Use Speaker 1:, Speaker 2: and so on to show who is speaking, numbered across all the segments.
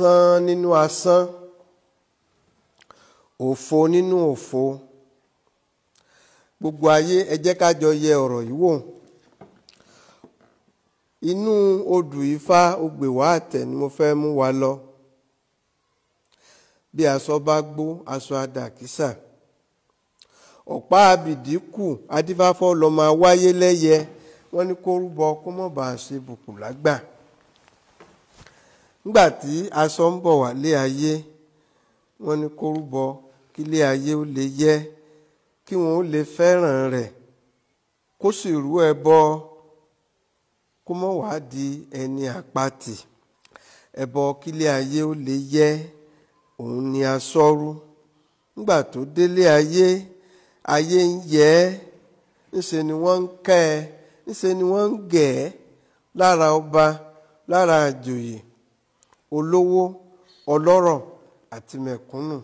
Speaker 1: asán nínú asán òfo nínú òfo gbogbo ayé ẹ jẹ́ ká jọ yẹ ọ̀rọ̀ yìí wò inú odù ifá ogbè wá àtẹ̀ ni mo fẹ́ mú wa lọ bí aṣọ bá gbó aṣọ adàkísà ọ̀pá abìdí kù adífáfọ́ lọ́ọ́ máa wáyé lẹ́yẹ wọ́n ní kó rúbọ kó mọ̀ bá a ṣe bùkù lágbà nígbà tí aṣọ ń bọ̀ wá lé ayé wọ́n ní kó rúbọ kí lé ayé ó lè yẹ kí wọ́n ó lè fẹ́ràn rẹ̀ kó sì rú ẹbọ kó mọ̀ wá di ẹni àpatì ẹbọ kílé ayé ó lè yẹ òun ni asọ́rú nígbà tó délé ayé ayé ń yẹ ẹ́ ńṣe ni wọ́n ń kẹ́ ẹ ńṣe ni wọ́n ń gẹ̀ ẹ́ lára ọba lára àjòyè olówó ọlọ́rọ̀ àti mẹ̀kúnnù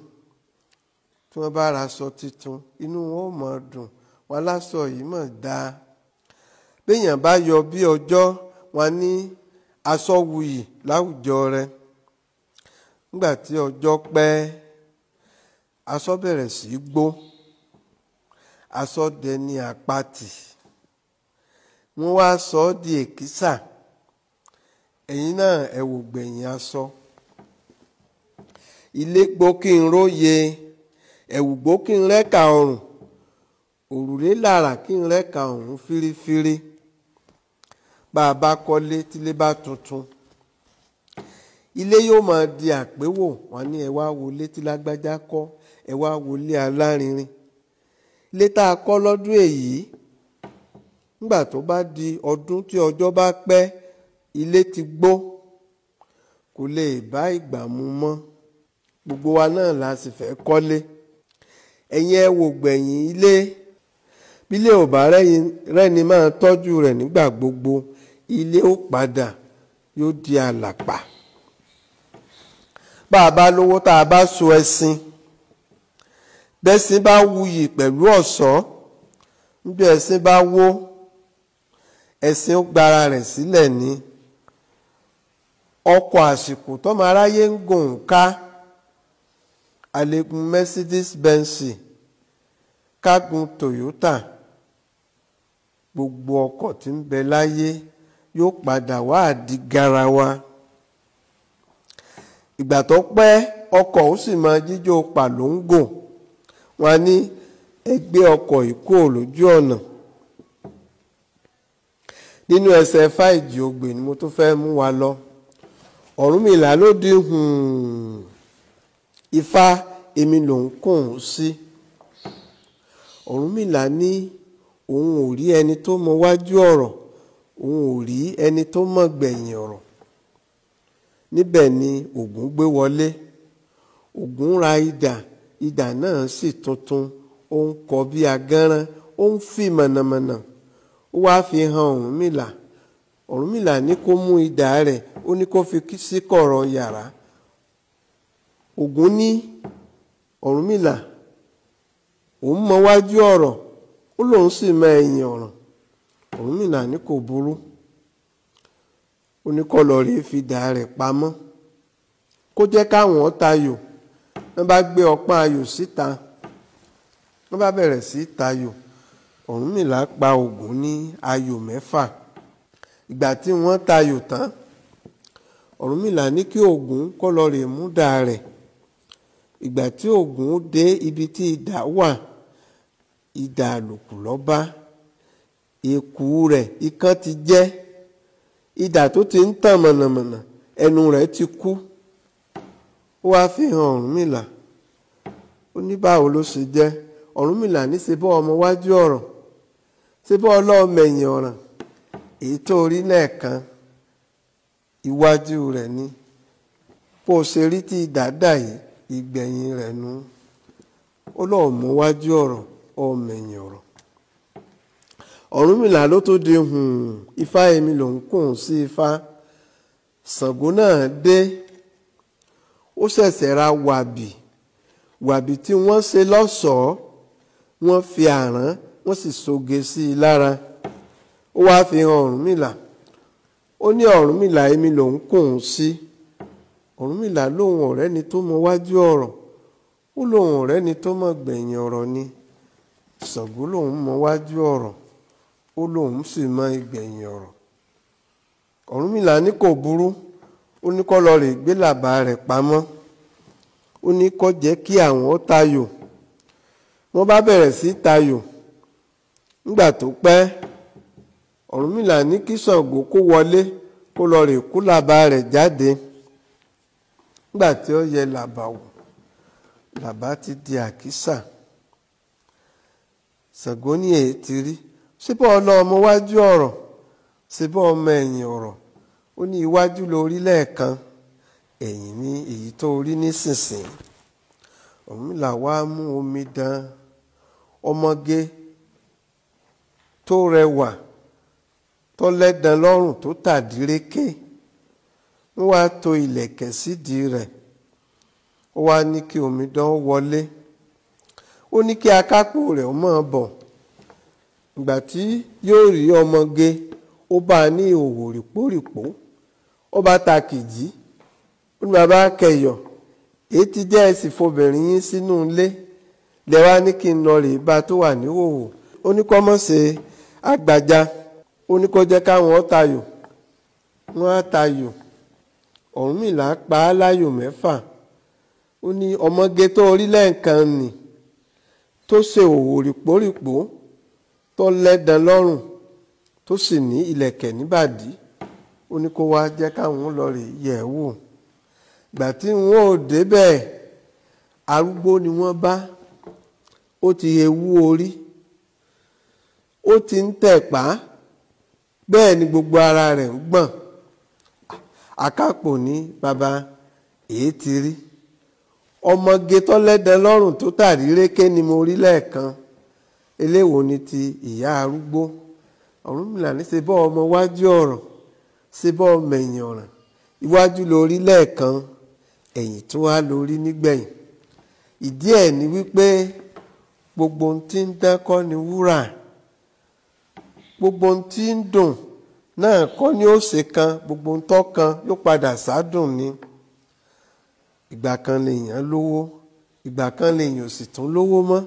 Speaker 1: tí wọ́n bá ra aṣọ tuntun inú wọn ò mọ̀ dùn wọn aláṣọ yìí mọ̀ dáa béèyàn bá yọ bí ọjọ́ wọn ní aṣọ wuyì láwùjọ rẹ nígbà tí ọjọ́ pẹ́ aṣọ bẹ̀rẹ̀ sí í gbó aṣọ dẹni àpatì wọ́n wá sọ ọ́ di èkísà. E ẹ̀yin náà ẹ wò gbẹ̀yìn aṣọ ilé gbó kí n róye ẹ̀wù gbó kí n rẹ́ka ọrùn òrùlé làrà kí n rẹ́ka ọrùn fírífírí bá a kọ́lé tílé bá tuntun ilé yóò máa di àpéwò wọn ní ẹ wá wọlé tí lágbájá kọ́ ẹ wá wọlé alárinrin ilé tá a kọ́ lọ́dún èyí nígbà tó bá di ọdún tí ọjọ́ bá pẹ́ ilé ti gbó kò lè bá ìgbà mu mọ́ gbogbo wa náà la sì fẹ́ kọ́lé ẹ̀yin ẹ wò gbẹ̀yìn ilé bílé ò bá rẹ́ni máa tọ́jú rẹ̀ nígbà gbogbo ilé ó padà yóò di àlàpà bá a bá lówó tá a bá so ẹṣin bẹ́sìn bá wuyì pẹ̀lú ọ̀ṣọ́ níbi ẹṣin bá wó ẹṣin ó gbára rẹ̀ sílẹ̀ ni. Si ọkọ̀ àsìkò tọ́mọ aráyé ń gùn ká mercedes benz kágun toyota gbogbo ọkọ ti ń bẹ láyé yóò padà wá àdí garawa ìgbà tó pẹ́ ọkọ̀ ó sì máa jíjó pàlóńgò wọn ní ẹgbẹ́ ọkọ̀ ìkó lójú ọ̀nà nínú ẹsẹ̀ fáìjì ni mo tún fẹ́ mú wa lọ. ọ̀rúnmìlà ló dín hmm, ifá èmi lòun kùn ún sí ọ̀rúnmìlà ní òun ò rí ẹni tó mọ wájú ọ̀rọ̀ òun ò rí ẹni tó mọ gbẹ̀yìn ọ̀rọ̀ níbẹ̀ ni ògùn gbé wọlé ògùn ra idà idà náà sì tuntun ó ń kọ bí agánran ó ń fi mọ̀nàmọ̀nà ó wáá fi hàn Ọ̀rúnmìlà. ọ̀rúnmìlà ní kó mú idà rẹ̀ ó ní kó fi sí kọ̀rọ̀ yàrá ògún ní ọ̀rúnmìlà òun mọ wájú ọ̀rọ̀ ó lòun sì mọ ẹ̀yìn ọ̀rọ̀ ọ̀rúnmìlà ní kò burú ó ní fi idà rẹ̀ pamọ́ kó jẹ́ káwọn tayò wọ́n bá gbé ọpọ́n ayò síta wọ́n bá bẹ̀rẹ̀ sí tayò ọ̀rúnmìlà pa ògún ní ayò mẹ́fà ìgbà tí wọ́n tayò tán ọ̀rúnmìlà ní kí ògún kó lọ rè mú dà rẹ̀ ìgbà tí ògún dé ibi tí idà wà idà àlòkù lọ́ba èkú rẹ̀ ikán ti jẹ́ idà tó ti ń tàn mọ̀nàmọ̀nà ẹnu rẹ̀ ti kú ó wáá fi hàn ọ̀rúnmìlà ó ní báwo ló ṣe jẹ́ ọ̀rúnmìlà ní ṣe bọ́ ọmọ wájú ọ̀ràn ṣe bọ́ ọlọ́ọ̀mẹ̀yìn ọ̀ràn èyí tó rí lẹ́ẹ̀kan iwájú rẹ̀ ni bó o ṣe rí tí dàdà yìí ìgbẹ̀yìn rẹ̀ nu ó lọ́ọ́ mú wájú ọ̀rọ̀ ọ̀mẹ̀yìn ọ̀rọ̀ ọ̀rúnmìlà ló tó di hùn ifá èmi ló ń kùn sí ifá Ṣàngó náà dé ó ṣẹ̀ṣẹ̀ ra wàbì wàbí tí wọ́n ṣe lọ́ṣọ̀ọ́ wọ́n fi àrán wọ́n sì soge sí i lára ó wáá fi hàn Ọ̀rúnmìlà ó ní Ọ̀rúnmìlà èmi lòun kùn ún sí Ọ̀rúnmìlà lòun ọ̀rẹ́ ni tó mọ wájú ọ̀rọ̀ ó lòun ọ̀rẹ́ ni tó mọ gbẹ̀yìn ọ̀rọ̀ ni Ṣàngó lòun mọ wájú ọ̀rọ̀ ó lòun sì mọ ìgbẹ̀yìn ọ̀rọ̀ ní kò burú ó ní lọ rè gbé rẹ̀ pamọ́ ó ní jẹ́ kí àwọn tayò wọ́n bá bẹ̀rẹ̀ sí tayò ọ̀rúnmìlà ní kí Ṣàngó kó wọlé kó lọ rè kó làbà rẹ̀ jáde nígbà tí ó yẹ làbà wò làbà ti di àkísà Ṣàngó ní èyí ti rí síbọ̀ ọlọ́mọ wájú ọ̀rọ̀ síbọ̀ ọmọ ẹ̀yìn ọ̀rọ̀ ó ní iwájú lórí lẹ́ẹ̀kan ẹ̀yìn ní èyí tó rí nísinsìnyí ọ̀rúnmìlà wá mú omidan ọmọge tó rẹwà tó lẹ́dàn lọ́rùn tó tàdírékè ń wá to ìlẹ̀kẹ̀ sídìí rẹ̀ ó wá ní kí omidan wọlé ó ní kí akápò rẹ̀ ó máa bọ̀ ìgbà tí yóò rí ọmọge ó bá a ní ìhòòhò rìpórìpó ó bá ta kìjì ó ní bàbá kẹyọ èyí ti jẹ́ ẹ̀sìn fobìnrin yín sínú ilé lẹ́wà ní kí n lọ rèé bá tó wà níhòòhò ó ní kọ́mọ́sẹ̀ àgbàjá ó ní kó jẹ́ káwọn tayò wọ́n á tayò Ọ̀rúnmìlà pa á láyò mẹ́fà ó ní ọmọge tó orí lẹ́ǹkan nì tó ṣe òwò rìpórìpó tó lẹ́dàn lọ́rùn tó sì ní ìlẹ̀kẹ̀ níbàdí ó ní kó wá jẹ́ káwọn lọ rè yẹ̀ wò gbà tí wọn ò débẹ̀ arúgbó ni wọ́n bá ó ti ewu orí ó ti ń tẹ̀ pa bẹ́ẹ̀ ni gbogbo ara rẹ̀ ń gbọ̀n akápò ní baba èyí ti rí ọmọge tọ́lẹ́dẹn lọ́rùn tó tàrí rékè ni mo rí lẹ́ẹ̀kan eléwo ni ti ìyá arúgbó Ọ̀rúnmìlà ní ṣe bọ́ ọmọ wájú ọ̀ràn ṣe bọ́ ọmọ ẹ̀yìn ọ̀ràn iwájú lórí lẹ́ẹ̀kan ẹ̀yìn tún wá lórí nígbẹ̀yìn ìdí ẹ̀ ni wípé gbogbo ohun tí ń dákọ́ ni wúrà. gbogbo ohun tí ń dùn náà kọ́ ni ó ṣe kan gbogbo ohun tó kan yóò padà sádùn ni ìgbà kan lèèyàn lówó ìgbà kan lèèyàn ò sì tún lówó mọ́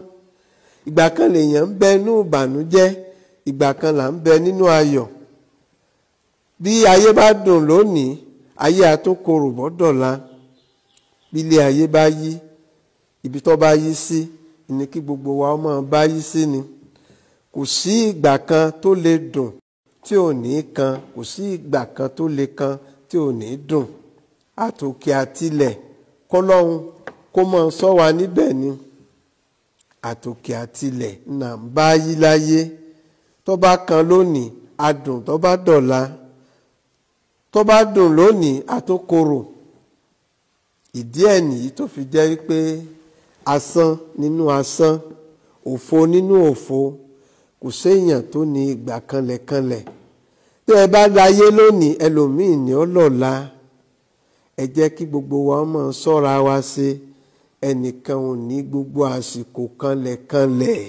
Speaker 1: ìgbà kan lèèyàn ń bẹ nínú ìbànújẹ́ ìgbà kan là ń bẹ nínú ayọ̀ bí ayé bá dùn lónìí ayé àtúnkorò bọ́ bí ilé ayé bá yí ibi tó bá yí sí ni kí gbogbo wa ó máa bá yí sí ni. Si kò sí ìgbà kan tó lè dùn tí ò ní kan kò sí ìgbà kan tó lè kan tí ò ní dùn àtòkè àtilẹ̀ kọlọ́hun kó mọ̀ ń wa níbẹ̀ ni àtòkè àtilẹ̀ nà ń bá yí láyé tó bá kan lónìí adùn tó bá dọ̀la tó bá dùn lónìí àtúnkòrò ìdí ẹ̀ nìyí tó fi jẹ́ pé asán nínú asán òfo nínú òfo kò séèyàn tó ní ìgbà kanlẹ̀kanlẹ̀ tẹ́ ẹ bá láyé lónìí ẹlòmíì ní ọlọ́la ẹ jẹ́ kí gbogbo wa mọ̀ ṣọ́ra wa ṣe ẹnìkan ò ní gbogbo àsìkò kanlẹ̀kanlẹ̀.